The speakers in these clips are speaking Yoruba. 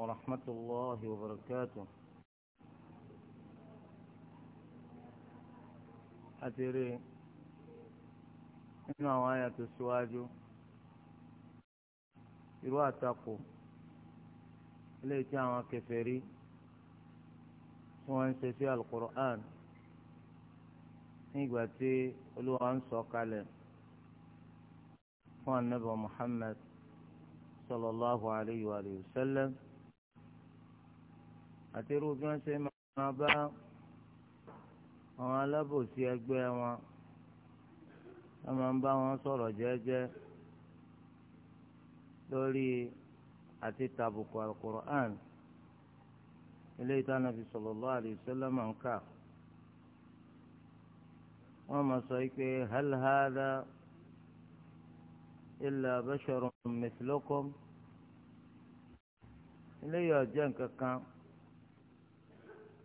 ورحمة الله وبركاته àtẹ̀rẹ̀ nínú àwọn àyà tó ṣíwájú irú àtakò eléyìí tí àwọn kèfèrí tí wọ́n ń ṣe sí alukur'an nígbà tí olúwa ń sọ kalẹ̀ fún anábọ̀ muhammad sallallahu alayhi wa sallam àti irú bí wọ́n ṣe máa bá àwọn alábòsí ẹgbẹ́ wọn wọ́n máa ń bá wọn sọ̀rọ̀ jẹ́jẹ́ lórí àti tàbùkù alukur'an ilé ìta nàbì sallallahu alaihi wasallam máa ń kà máa sọ pé hal hadha illa basharun ilé yọ̀ jẹ́ nǹkan kan.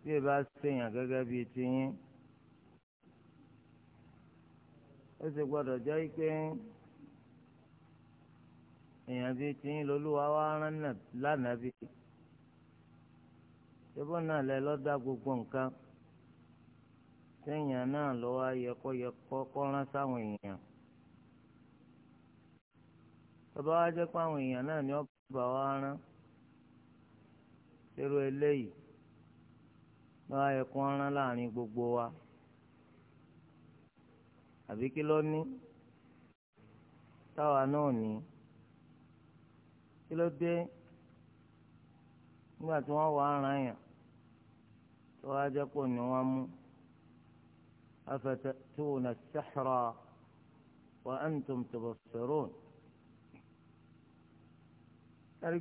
bí ẹ bá ṣèyàn gẹ́gẹ́ bíi tiyín ó sì gbọdọ jẹ́ ike èèyàn bíi tiyín lolúwa wá lánàá bí ṣébọ́ náà lẹ lọ́dá gbogbo nǹkan lọwa náà yẹkọ ayẹkọ́yẹkọ́ kọ́rán sáwọn èèyàn tọ́ba wá jẹ́ pé àwọn èèyàn náà ni ó lọ́wọ́ ayẹ kó rán láàrin gbogbo wa àbí kí ló ní táwa náà ní kí ló dé nígbà tí wa kárí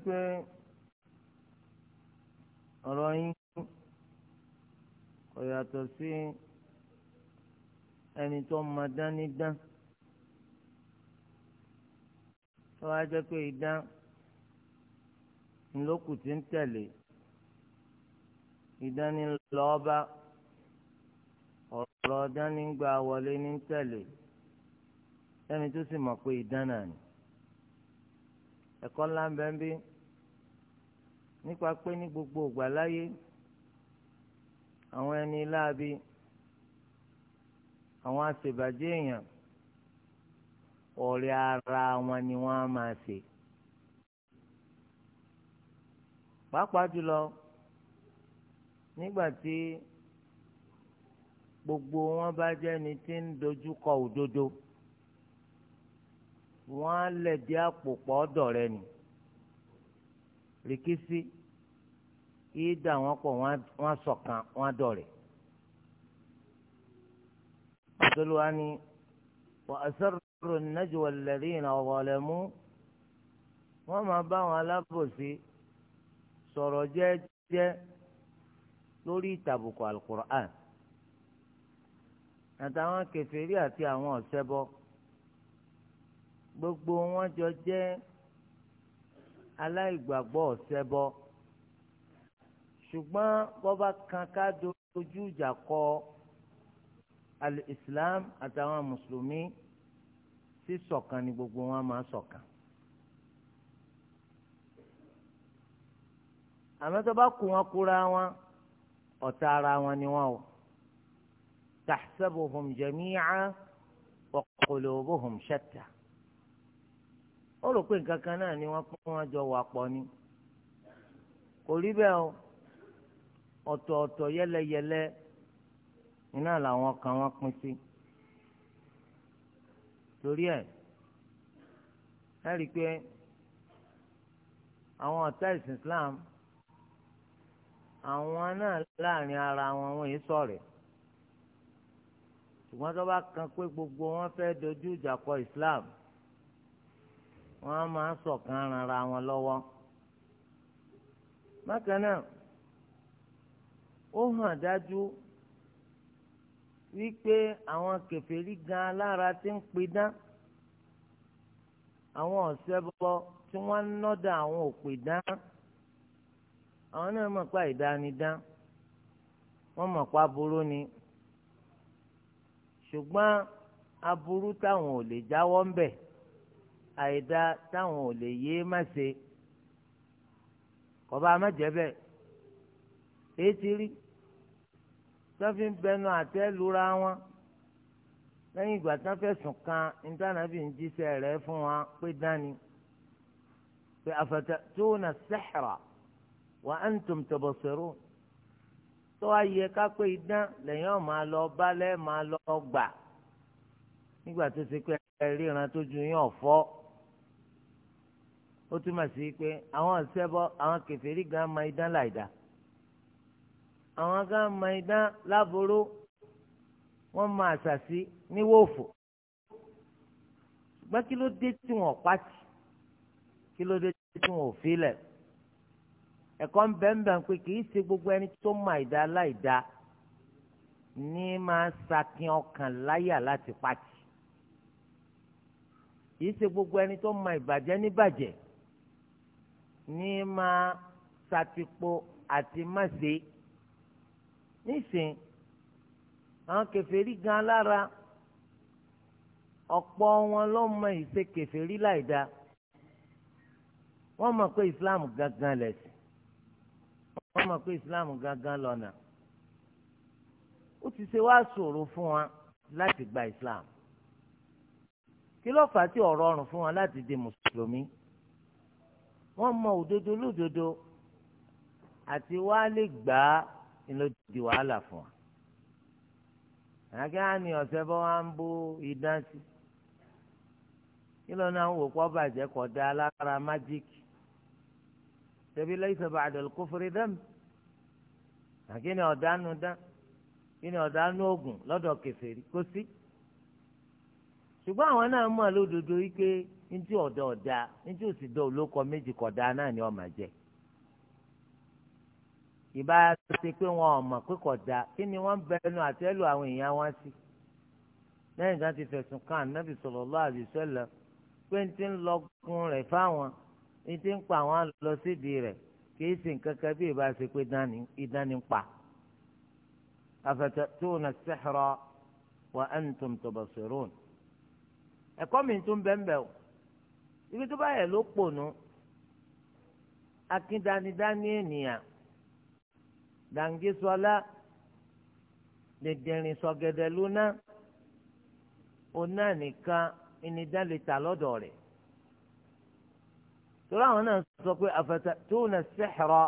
kò yàtọ̀ sí ẹni tó ma dání dán tó wá jẹ́ pé idán ńlọ́kù ti ń tẹ̀lé idán ní lọ́ọ́bá ọ̀rọ̀ idán ní gbà wọlé ní tẹ̀lé ẹni tó sì mọ̀ pé idán náà ni ẹ̀kọ́ ńlá ń bí nípa pé ní gbogbo ìgbà láyé àwọn ẹni láabi àwọn àṣebàjẹ́ èèyàn ọ̀rẹ́ ara wọn ni wọ́n á máa ṣe. pàápàá jùlọ nígbà tí gbogbo wọn bá jẹ́ ẹni tí ń dojú kọ òdodo wọ́n á lẹ̀ dí àpò pọ̀ ọ́dọ̀ rẹ nì rìkísí yìí dà wọ́n pọ̀ wọ́n ṣọ̀kan wọ́n dọ̀rẹ́. àtolúwa ni wà á sọ̀rọ̀ nàjùwà lẹ́rìn ọ̀wọ̀lẹ́mú wọ́n máa bá àwọn alábòsí sọ̀rọ̀ jẹ́jẹ́ lórí ìtàbùkù alukur'an àtàwọn kèfèrí àti àwọn ọ̀ṣẹbọ gbogbo wọn jọ jẹ́ aláìgbàgbọ́ ọ̀ṣẹbọ ṣùgbọ́n bọ́ba kan ká dojú ìjà kọ alìsílám àtàwọn mùsùlùmí sí ṣọ̀kan ni gbogbo wọn máa ṣọ̀kan. àmọ́ tó bá kù wọn kúra wọn ọ̀tá ara wọn ni wọn o tahsabuhum jami'a wa qulubuhum shatta ó rò pé nǹkan kan náà ni wọ́n pín wọn jọ wà pọ̀ ni kò rí bẹ́ẹ̀ o ọ̀tọ̀ọ̀tọ̀ yẹ́lẹyẹ̀lẹ iná làwọn kan wọ́n pín sí torí ẹ̀ ẹ rí i pé àwọn ọ̀tá ìsìn Islam àwọn náà láàrin ara wọn wọ́n yìí sọ̀rọ̀ ṣùgbọ́n tó bá kan pé gbogbo wọn fẹ́ dojú ìjà kọ Islam wọ́n á máa ṣọ̀kan ran ara wọn lọ́wọ́ bákan náà ó hàn dájú wípé àwọn kèfèrí gan alára ti ń pidán àwọn ọ̀sẹ́bọ tí wọ́n ń nọ́dà àwọn òpìdán àwọn náà mọ̀ pa ìdánidán wọ́n mọ̀ pa aburú ni ṣùgbọ́n aburú táwọn ò lè jáwọ́ ń bẹ̀ àìdá táwọn ò lè yéé má ṣe kọ́ má jẹ́ bẹ́ẹ̀. etiri ti rí bẹnu lura wọn lẹ́yìn ìgbà tán fẹ̀sùn kan ìdánábì ń jíṣẹ́ rẹ fún wọn pé dání pé afata'tuna sihra wa antum tubsirun tó wá yẹ ká pé idán lẹ́yìn ọ̀ máa lọ balẹ̀ máa lọ gbà nígbà tó ṣe pé tó ju yín ó túmọ̀ sí pé àwọn àwọn gan máa àwọn gán ma idán láboró wọ́n ma àṣàṣì ní wọ́ọ̀fù ṣùgbọ́n kí ló dé tí wọ́n pàtì kí ló dé tí wọ́n ò filẹ̀ ẹ̀kọ́ ń bẹ̀ ń bẹ̀ ń pé kì í ṣe gbogbo ẹni tó ma ìdá láìda ní máa sakin ọkàn láyà láti pàtì kì í ṣe gbogbo ẹni tó ma ìbàjẹ́ níbàjẹ́ ní máa satipo àti má ṣe nísìn àwọn kèfèrí gan lára ọ̀pọ̀ wọn ló mọ ìṣe kèfèrí láìda wọ́n mọ̀ pé islam gangan lẹ̀sìn wọ́n mọ̀ pé islam gangan lọ́nà ó ti ṣe wá ṣòro fún wa láti gba islam kí ló fà á tí ọ̀rọ̀ ọ̀rùn fún wa láti di mùsùlùmí wọ́n mọ òdodo lódodo àti wá lè gbà ló di wàhálà fún wa àgá ni ọ̀sẹ̀ bọ́ wá ń bú idán sí náà ń wò kó bàjẹ́ kó da májíkì tẹ̀bí laysa ba'dal dam àkí ni ọ̀dánù dán kí ni oògùn lọ́dọ̀ kó sí ṣùgbọ́n àwọn náà mọ̀ lódodo ní tí ọ̀dọ̀ ọ̀dà ní tí òsì dọ̀ méjì ìbá ṣe pé wọn ọmọ mọ̀ pé ni bẹnu àtẹ́lù àwọn èèyàn wọn sí lẹ́yìn kan ti fẹ̀sùn kan ànábì sallallahu alaihi wasallam pé ní ti ń lọgun rẹ̀ fáwọn ní ti ń pa àwọn lọ sídìí rẹ̀ kì í sì nǹkan kan bí wa ibi dàǹgí sọlá dèdèrìn sọgẹdẹ lóná oná nìkan ìnidá lè tà lọ́dọ̀ rẹ̀ torí àwọn náà sọ pé àfẹsẹ tó na sẹhẹrọ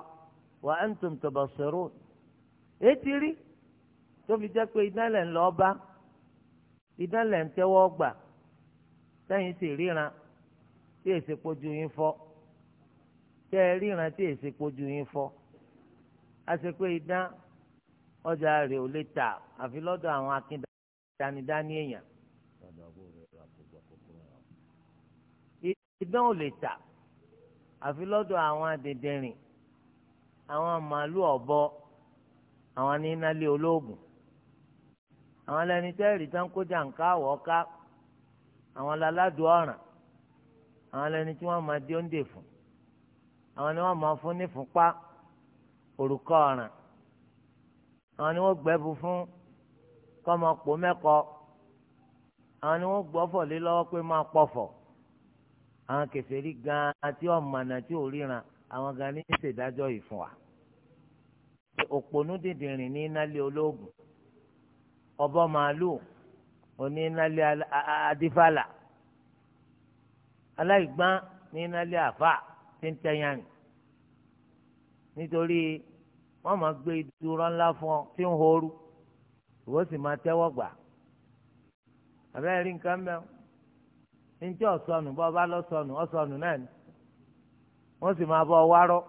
wà á ń tòm tọbọ sọ̀rọ̀ ètí rí tó fi pé ìdánlẹ̀ ńlọ bá ìdánlẹ̀ sẹ́yìn sì ríran tí èsì pojú yín fọ́ tẹ́ ríran tí èsì pojú yín fọ́ àṣepé idán ọjà rẹ̀ ò lè tà àfi lọ́dọ̀ àwọn akíndánidání èèyàn. idán ò lè tà àfi lọ́dọ̀ àwọn adẹ̀dẹ̀rìn àwọn màálùú ọ̀bọ àwọn nínálé olóògùn àwọn lẹni tẹ́rì tán kó jàǹká wọ́ọ́ká àwọn làládùú ọ̀ràn àwọn lẹni tí wọ́n máa di oúnjẹ fún àwọn ni wọ́n máa fún ní fúnpá òrùka ọ̀ràn àwọn ni wọ́n gbẹ́bù fún kọ́mọpọ̀ mẹ́kọ àwọn ni wọ́n gbọ́fọ̀ lé lọ́wọ́ pé máa pọ̀fọ̀ àwọn kèfèrí gan àti ọ̀mànà tí ò ríran àwọn gan ní ìṣèdájọ́ yìí fún wa òpònú dìndìnrín ní nálé ológun ọbọ màálùú òní nálé adífàlà aláìgbọ́n ní nálé àfà tí ń tẹ́yàn rìn nítorí wọ́n máa gbé ìdúró ńlá fún ọ tí ń horú ìwọ sì máa tẹ́wọ́ gbà àbẹ́rẹ́ rí nǹkan mẹ́wọ́ níjẹ́ ọ̀sọ́nù bá ọba lọ́sọ̀nù ọ̀sọ̀nù náà ni wọ́n sì máa bọ̀ wárọ́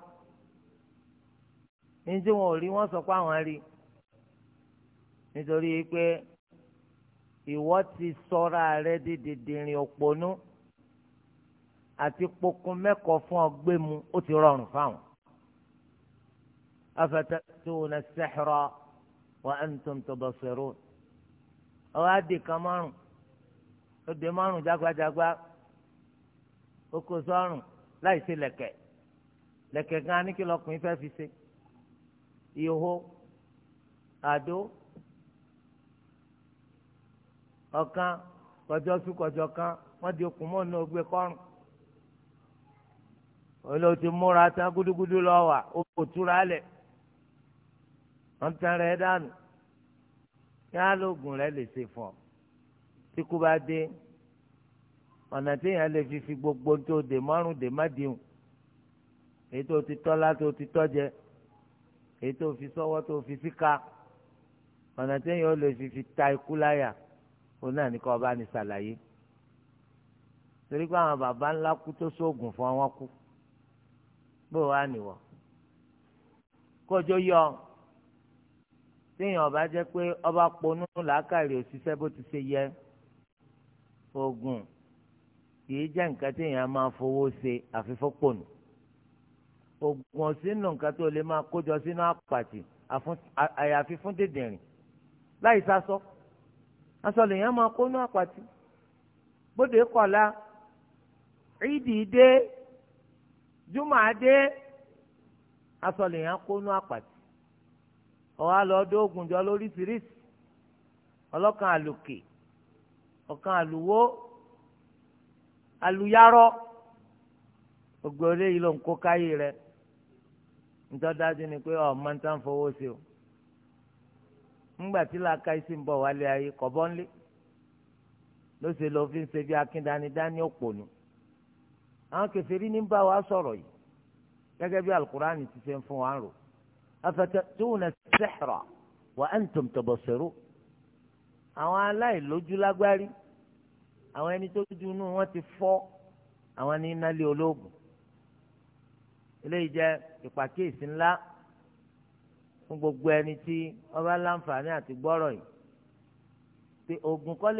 níjẹ́ wọn ò rí wọ́n sọ pé àwọn rí nítorí pé ìwọ ti sọ́ra rẹ dídìdìrín òpònú àti pokun mẹ́kọ̀ọ́ fún ọgbẹ́mu ó ti rọrùn fáwọn أفتأتون السحر وأنتم تبصرون أو أدي كمان أدي مان جاكوا جاكوا أكوسان لا يصير لك لك كاني كي لقمي فافيسي يهو أدو ọ̀kan kọjọ sùn kọjọ kan wọn di okùn mọ́ọ̀nù ògbé kọ́rùn olóòtú múra tán gúdúgúdú lọ wà ó kò túra lẹ̀ wọ́n tan rẹ̀ dànù yá lóògùn rẹ̀ lè ṣe fún ọ tí kú bá dé ọ̀nà téèyàn lè fi fi gbogbo tó dè márùn dè má dìhùn èyí tó ti tọ́ látó ti tọ́ jẹ èyí tó fi sọ́wọ́ tó fi síka ọ̀nà téèyàn lè fi fi ta ikú láyà òun náà ní kọ́ ọba ní sàlàyé torí pé àwọn baba ńlá kú tó sóògùn fún wọn kú bó wàá nìwọ kójó yọ téèyàn ọba jẹ́ pé ọba ponú làákàrí òṣìṣẹ́ bó ti ṣe yẹ oògùn kìí jẹ́ nǹkan téèyàn máa fowó ṣe àfífọ́pọ̀nù oògùn ọ̀sìnù nǹkan tó lè máa kójọ sínú àpàtì àyàfi fún dèdèrìn láì sásọ aṣọ lèèyàn máa kó nú àpàtì bóde kọ̀la ìdì dé jùmọ̀ àdé aṣọ lèèyàn kó nú àpàtì ọ̀hún alọ́ọ̀dọ́ ogun jọ lóríṣiríṣi ọlọ́kan àlùkè ọ̀kan àlùwó àlùyárọ́ gbogbo eléyìí ló ń kó káyé rẹ ni pé ọ̀ máa ń tán fowó sí o ńgbà tí làákà ìsìn bọ̀ wálé ayé kọ̀bọ́n lé ló lọ fi ń ṣe bí akíndanidání àwọn ní bá wa sọ̀rọ̀ yìí gẹ́gẹ́ bí ti ṣe ń fún wa rò afata'tuna as وأنتم تبصرون antum tubsirun àwọn aláìlójú lágbárí àwọn ẹni tó dunú wọn ti fọ́ àwọn ní nálé ológun eléyìí jẹ́ ìpàkíyèsí ńlá fún gbogbo ẹni tí ó láǹfààní àti gbọ́rọ̀ yìí pé oògùn kọ́